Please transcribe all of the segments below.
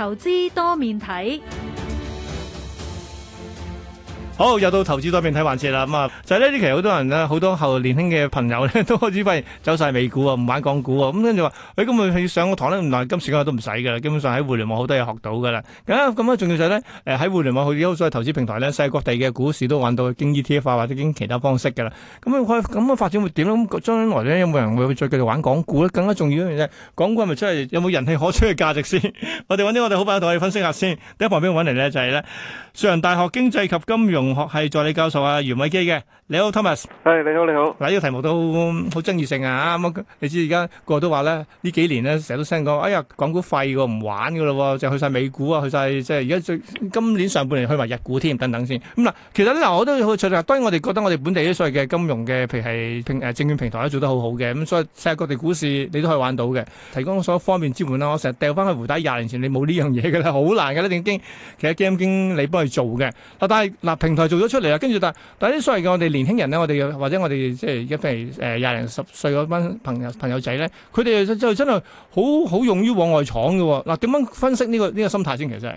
投資多面睇。好，又到投資多面睇環節啦，咁啊、嗯、就係、是、呢啲其實好多人咧，好多後年輕嘅朋友咧，都開始發現走晒美股啊，唔玩港股啊，咁跟住話，誒咁咪上個堂咧，嗱今時今日都唔使噶啦，基本上喺互聯網好多嘢學到噶啦。啊咁啊，重要就係咧，喺互聯網好多優秀投資平台咧，世界各地嘅股市都玩到經 ETF 化或者經其他方式噶啦。咁、嗯、啊，可咁嘅發展會點咧？將來咧有冇人會再繼續玩港股咧？更加重要一樣嘢，港股係咪真係有冇人氣可取嘅價值先？ 我哋揾啲我哋好朋友同我哋分析下先。第一旁邊揾嚟呢，就係、是、呢，上大學經濟及金融。同學系助理教授啊袁偉基嘅，你好 Thomas，係你好，你好。嗱呢個題目都好爭議性啊，咁你知而家個個都話咧呢幾年咧成日都聽講，哎呀港股廢喎，唔玩噶咯，就去晒美股啊，去晒，即係而家最今年上半年去埋日股添等等先，咁嗱，其實嗱我都好彩啦，當然我哋覺得我哋本地啲所謂嘅金融嘅，譬如係平誒證券平台都做得好好嘅，咁所以世界各地股市你都可以玩到嘅，提供咗方便支援啦，我成日掉翻去回帶廿年前你冇呢樣嘢嘅咧，好難嘅咧，定經其實基金經你幫佢做嘅，但係平台做咗出嚟啦，跟住但係，但係啲所謂嘅我哋年輕人咧，我哋又或者我哋即係而家譬如誒廿零十歲嗰班朋友朋友仔咧，佢哋就，就真係好好勇於往外闖嘅喎。嗱、啊，點樣分析呢個呢個心態先？其實係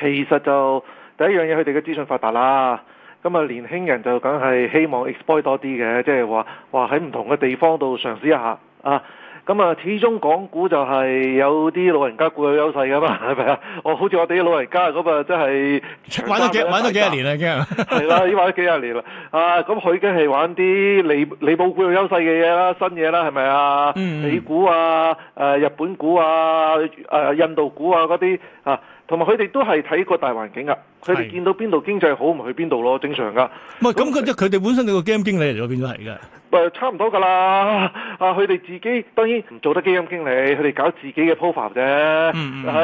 其實就第一樣嘢，佢哋嘅資訊發達啦。咁啊，年輕人就梗係希望 exploit 多啲嘅，即係話話喺唔同嘅地方度嘗試一下啊。咁啊，始終港股就係有啲老人家固有優勢噶嘛，係咪啊？好，我好似我哋啲老人家咁啊，真係玩咗幾玩咗幾廿年啊，係 啦，已經玩咗幾廿年啦。啊，咁佢梗係玩啲你理報股有優勢嘅嘢啦，新嘢啦，係咪啊？嗯嗯美股啊，誒、啊、日本股啊，誒、啊、印度股啊嗰啲啊，同埋佢哋都係睇個大環境啊。佢哋見到邊度經濟好，咪去邊度咯，正常噶。唔係咁，佢即佢哋本身個基金經理嚟咗變咗係嘅，差唔多㗎啦。啊，佢哋自己當然唔做得基金經理，佢哋搞自己嘅 portfolio 啫。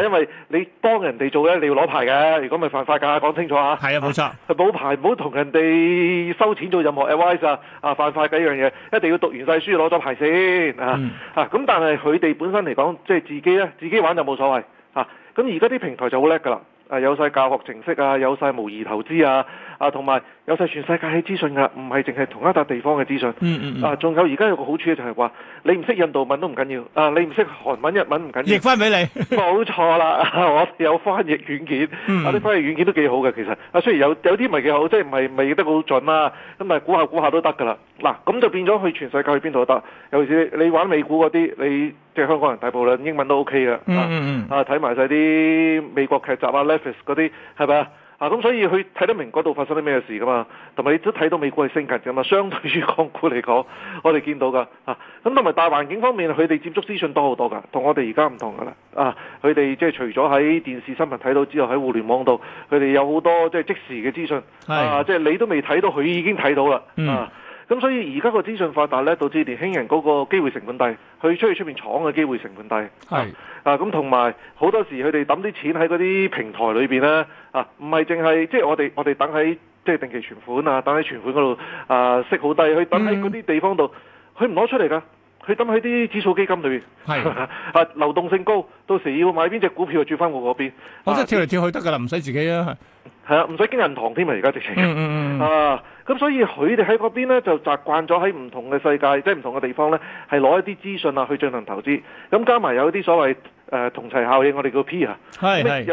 因為你幫人哋做咧，你要攞牌嘅，如果咪犯法㗎，講清楚啊。係啊，冇錯。冇牌，唔好同人哋，收錢做任何 advice 啊，啊犯法嘅一樣嘢，一定要讀完晒書攞咗牌先啊、嗯、啊！咁但係佢哋本身嚟講，即係自己咧，自己玩就冇所謂。咁而家啲平台就好叻㗎啦。啊！有晒教學程式啊，有晒模擬投資啊，啊同埋有晒全世界嘅資訊啊，唔係淨係同一笪地方嘅資訊。嗯嗯嗯。啊，仲有而家有個好處就係話，你唔識印度文都唔緊要，啊，你唔識韓文日文唔緊要。譯翻俾你，冇錯啦，我有翻譯軟件，mm -hmm. 啊，啲翻譯軟件都幾好嘅其實。啊，雖然有有啲唔係幾好，即係唔係未得好準啊，咁咪估下估下都得㗎啦。嗱，咁就變咗去全世界去邊度都得，尤其是你玩美股嗰啲，你即係香港人大部份英文都 OK 嘅，mm -hmm. 啊，睇埋晒啲美國劇集啊 Netflix 嗰啲係咪啊？咁所以佢睇得明嗰度發生啲咩事噶嘛，同埋你都睇到美股係升緊嘅嘛，相對於港股嚟講，我哋見到噶，咁同埋大環境方面，佢哋接觸資訊多好多噶，我同我哋而家唔同噶啦，啊，佢哋即係除咗喺電視新聞睇到之後，喺互聯網度佢哋有好多即係即時嘅資訊，mm -hmm. 啊即係、就是、你都未睇到，佢已經睇到啦，啊。Mm -hmm. 咁所以而家個資訊發達呢，導致年輕人嗰個機會成本低，去出去出面闖嘅機會成本低。係啊，咁同埋好多時佢哋抌啲錢喺嗰啲平台裏面呢，啊，唔係淨係即係我哋我哋等喺即係定期存款啊，等喺存款嗰度啊，息好低，佢等喺嗰啲地方度，佢唔攞出嚟㗎。佢抌喺啲指數基金裏面，啊 流動性高，到時要買邊隻股票，轉翻我嗰邊。我真係跳嚟跳去得㗎啦，唔、啊、使自己啊，係啊，唔使經人堂添、嗯嗯嗯、啊，而家直情啊，咁所以佢哋喺嗰邊咧就習慣咗喺唔同嘅世界，即係唔同嘅地方咧，係攞一啲資訊啊去進行投資，咁加埋有啲所謂。誒、呃、同齊效應，我哋個 P 啊，有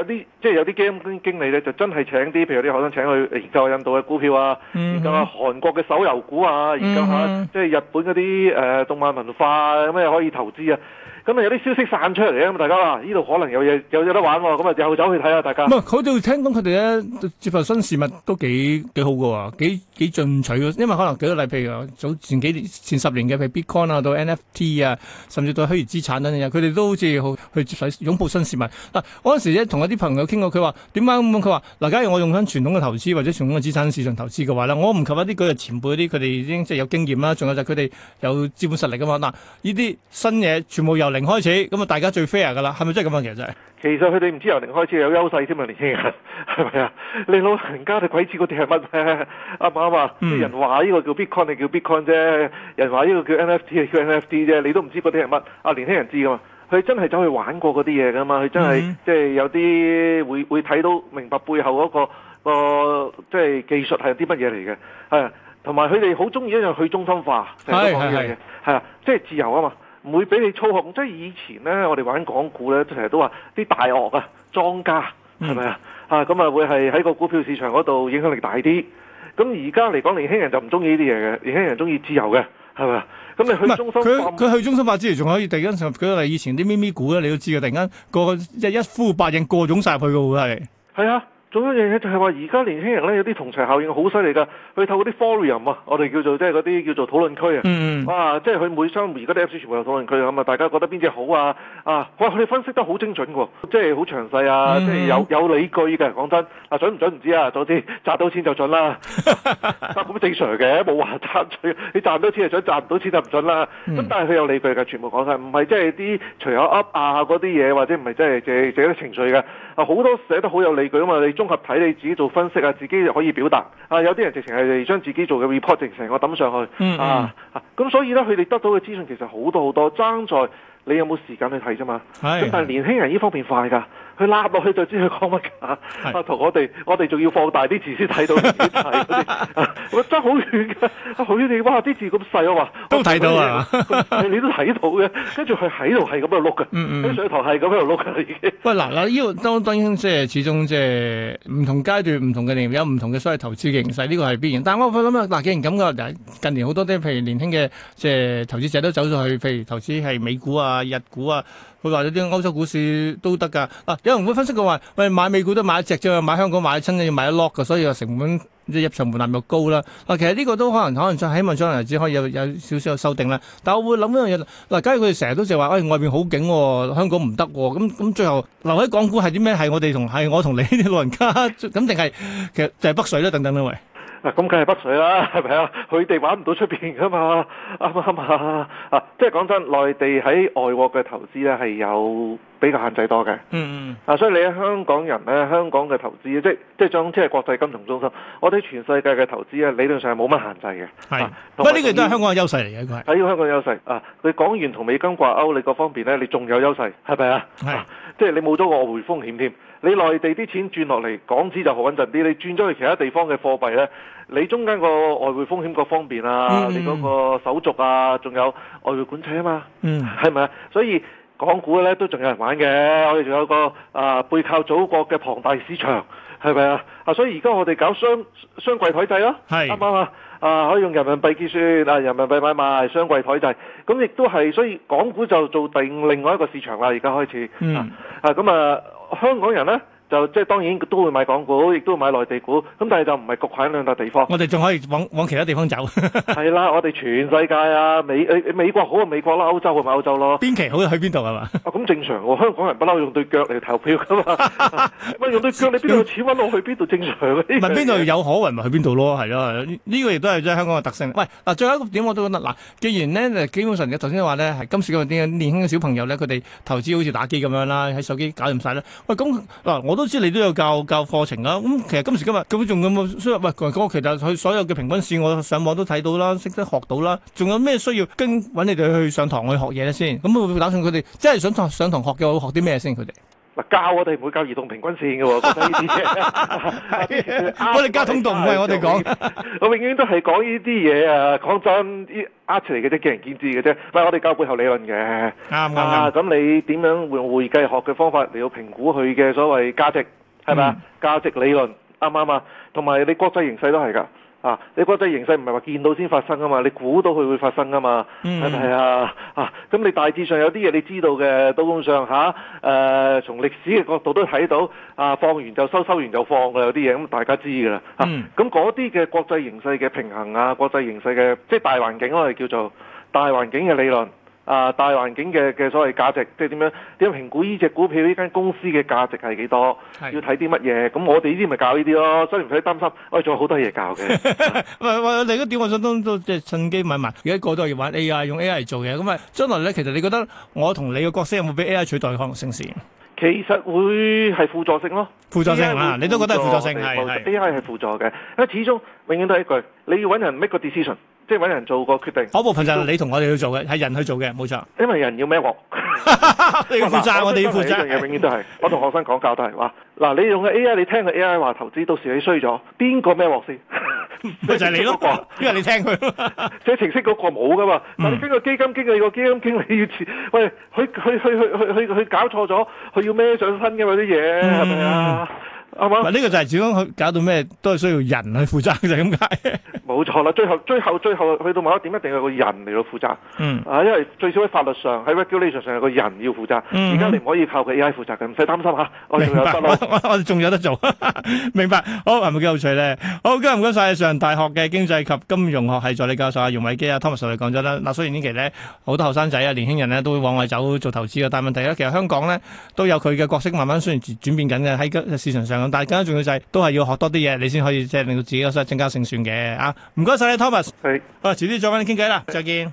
啲即係有啲 game 經理咧，就真係請啲譬如啲學生請去研究印度嘅股票啊，mm -hmm. 研究下韓國嘅手遊股啊，研究下、mm -hmm. 即係日本嗰啲誒動漫文化咁、啊、咩可以投資啊。咁啊有啲消息散出嚟啊，大家啦，呢度可能有嘢有有得玩喎。咁啊，就又走去睇下、啊、大家。唔係佢哋聽講，佢哋咧接受新事物都幾幾好嘅喎，幾進進取嘅，因為可能幾多例子，譬如早前幾年前十年嘅譬如 Bitcoin 啊，到 NFT 啊，甚至到虛擬資產等、啊、等，佢哋都好似好。去。擁抱新事物嗱，嗰、啊、陣時咧同一啲朋友傾過，佢話點解咁？佢話嗱，假如我用緊傳統嘅投資或者傳統嘅資產市場投資嘅話咧，我唔及一啲佢啲前輩啲佢哋已經即係有經驗啦，仲有就佢哋有資本實力噶嘛。嗱、啊，呢啲新嘢全部由零開始，咁啊大家最 fair 噶啦，係咪真係咁樣？其實係，其實佢哋唔知由零開始有優勢添啊！年輕人係咪啊？你老人家就鬼知嗰啲係乜咧？啱唔啱啊？人話呢個叫 Bitcoin，你叫 Bitcoin 啫；人話呢個叫 NFT，你叫 NFT 啫。你都唔知嗰啲係乜？啊，年輕人知噶嘛？佢真係走去玩過嗰啲嘢噶嘛？佢真係、mm -hmm. 即係有啲會會睇到明白背後嗰個個即係技術係啲乜嘢嚟嘅係，同埋佢哋好中意一樣去中心化成日講嘢即係自由啊嘛，唔會俾你操控。即係以前咧，我哋玩港股咧，成日都話啲大鱷啊、莊家係咪啊？吓咁啊、mm -hmm.，會係喺個股票市場嗰度影響力大啲。咁而家嚟講，年輕人就唔中意呢啲嘢嘅，年輕人中意自由嘅。係咪啊？咁你去中心化佢，佢去中心化之餘，仲可以突然間上，佢係以前啲咪咪股咧，你都知嘅。突然間個一呼百應，個湧晒入去嘅會係係啊！做一樣嘢就係話，而家年輕人咧有啲同儕效應好犀利噶，去透嗰啲 forum 啊，我哋叫做即係嗰啲叫做討論區啊。嗯。哇！即係佢每箱而家啲 Apps 全部有討論區咁啊，大家覺得邊隻好啊？啊，哇！佢分析得好精準嘅，即係好詳細啊，嗯、即係有有理據嘅。講真啊，準唔準唔知啊，總之賺到錢就準啦。咁、 啊、正常嘅，冇話爭取。你賺到錢就準，賺唔到錢就唔準啦。咁、嗯、但係佢有理據嘅，全部講晒，唔係即係啲隨口噏啊嗰啲嘢，或者唔係即係寫寫啲情緒嘅。啊，好多寫得好有理據啊嘛，你綜合睇你自己做分析啊，自己就可以表達啊，有啲人直情係將自己做嘅 report 直情成個抌上去嗯嗯啊，咁所以咧，佢哋得到嘅資訊其實好多好多，爭在你有冇時間去睇啫嘛。咁但係年輕人呢方面快噶。佢揦落去就知佢講乜噶，同、啊、我哋我哋仲要放大啲字先睇到字係、 啊啊、我真係好遠嘅，好遠哇！啲字咁細啊嘛，都睇到啊，你 都睇到嘅。跟住佢喺度係咁樣碌嘅，啲、嗯嗯、上堂係咁樣碌嘅。喂嗱嗱，呢個當然即係始終即係唔同階段、唔同嘅年、有唔同嘅所謂投資形勢呢個係必然。但係我諗嗱，既然感覺近年好多啲譬如年輕嘅即係投資者都走咗去，譬如投資係美股啊、日股啊。佢話咗啲歐洲股市都得㗎、啊，有人會分析過話，喂買美股都買一隻啫，只買香港買親要買一 lock 㗎，所以話成本即係入場門檻又高啦、啊。其實呢個都可能可能希望將來只可以有有少少嘅修訂啦。但係我會諗一樣嘢，嗱、啊，假如佢哋成日都就話，喂、哎、外面好景、哦，香港唔得、哦，咁咁最後留喺港股係啲咩？係我哋同係我同你啲老人家咁定係其實就係北水啦等等啦喂。啊，咁梗係北水啦，係咪啊？佢哋玩唔到出邊噶嘛，啱唔啱啊？即係講真，內地喺外國嘅投資咧係有比較限制多嘅。嗯嗯。啊，所以你係香港人咧，香港嘅投資，即係即係將即係國際金融中心，我哋全世界嘅投資咧理論上係冇乜限制嘅。係。不過呢個都係香港嘅優勢嚟嘅，應該係香港嘅優勢啊！你港元同美金掛鈎，你各方面咧，你仲有優勢，係咪啊？係。即係你冇咗外匯風險添。你內地啲錢轉落嚟，港紙就好穩陣啲。你轉咗去其他地方嘅貨幣呢，你中間個外匯風險各方面啊，嗯、你嗰個手續啊，仲有外匯管制啊嘛，嗯，係咪啊？所以港股呢都仲有人玩嘅。我哋仲有個啊、呃、背靠祖國嘅龐大市場，係咪啊？啊，所以而家我哋搞雙雙櫃台制咯，係啱唔啱啊？啊、呃，可以用人民幣結算，人民幣買賣，雙櫃台制，咁亦都係。所以港股就做定另外一個市場啦。而家開始，嗯，啊咁啊。香港人呢？就即係當然都會買港股，亦都會買內地股，咁但係就唔係局限喺兩笪地方。我哋仲可以往往其他地方走。係 啦，我哋全世界啊，美美國好啊，美國啦，歐洲啊咪歐洲咯。邊期好去邊度係嘛？咁、 啊、正常喎、啊，香港人不嬲用對腳嚟投票㗎嘛。喂， 用對腳你邊度錢揾到 去邊度正常、啊？問邊度有可為咪去邊度咯？係咯，呢、這個亦都係即香港嘅特性。喂嗱，最後一個點我都覺得嗱、啊，既然呢，基本上嘅頭先話呢，今時今日啲年輕嘅小朋友呢，佢哋投資好似打機咁樣啦，喺手機搞掂晒啦。喂咁嗱、啊、我。我都知你都有教教課程啦、啊，咁、嗯、其實今時今日佢仲有冇需要喂，講其實佢所有嘅平均線，我上網都睇到啦，識得學到啦，仲有咩需要跟揾你哋去上堂去學嘢咧先？咁、嗯、會唔會打算佢哋真係想上堂學嘅，會學啲咩先？佢哋？嗱，教我哋唔會教移動平均線嘅喎，講呢啲嘢，我哋教統度唔係我哋講，我永遠都係講呢啲嘢啊，講真，啲呃出嚟嘅啫，見仁見智嘅啫。喂，我哋教背後理論嘅，啱啱。咁你點樣用會計學嘅方法嚟到評估佢嘅所謂價值係咪啊？價值理論啱唔啱啊？同埋你國際形勢都係㗎。啊！你國際形勢唔係話見到先發生噶嘛？你估到佢會發生噶嘛？係咪、嗯、啊！啊！咁你大致上有啲嘢你知道嘅，都咁上下誒、啊呃、從歷史嘅角度都睇到，啊放完就收，收完就放嘅有啲嘢，咁大家知噶啦嚇。咁嗰啲嘅國際形勢嘅平衡啊，國際形勢嘅即係大環境，我哋叫做大環境嘅理論。啊、uh，大環境嘅嘅所謂價值，即係點樣點樣評估呢隻股票、呢間公司嘅價值係幾多？係。要睇啲乜嘢？咁我哋呢啲咪教呢啲咯。所以唔使擔心，我仲有好多嘢教嘅。唔 係是的，我哋嗰點我想都即係趁機問一問，而家個個都要玩 A I 用 A I 嚟做嘢，咁啊，將來咧，其實你覺得我同你嘅角色有冇俾 A I 取代可能性先？其實會係輔助性咯，輔助性啊，你都覺得係輔助性係 A I 係輔助嘅。因為始終永遠都係一句，你要搵人 make 個 decision。即係搵人做個決定，嗰部分就係你同我哋去做嘅，係人去做嘅，冇錯。因為人要孭鑊，你負責，我哋要負責。呢樣嘢永遠都係我同學生講教都係話，嗱，你用 A.I. 你聽佢 A.I. 話投資，到時你衰咗，邊個孭鑊先？就係你咯，因為你聽佢寫程式嗰個冇噶嘛。但你經過基金經理，個基金經理要辭，喂，佢佢佢佢佢佢搞錯咗，佢要孭上身噶嘛啲嘢，係咪啊？啱唔啱？嗱，呢個就係始終搞到咩都係需要人去負責，就係咁解。冇錯啦！最後、最後、最後去到某一點，一定係個人嚟到負責。嗯啊，因為最少喺法律上、喺 regulation 上，上，係個人要負責。而、嗯、家你唔可以靠佢 AI 負責嘅，唔使擔心嚇。我哋有得我哋仲有得做。 明白。好，係咪幾有趣咧？好，今日唔該晒。上大學嘅經濟及金融學系助理教授阿容偉基啊湯博士嚟講咗啦。嗱，雖然呢期咧，好多後生仔啊、年輕人咧，都會往外走做投資嘅。但問題咧，其實香港咧都有佢嘅角色慢慢雖然轉變緊嘅喺市場上，但係更加重要就係都係要學多啲嘢，你先可以即係令到自己嘅增加勝算嘅啊！唔該晒你，Thomas。Hey. 好，遲啲再搵你傾偈啦，Hey. 再見。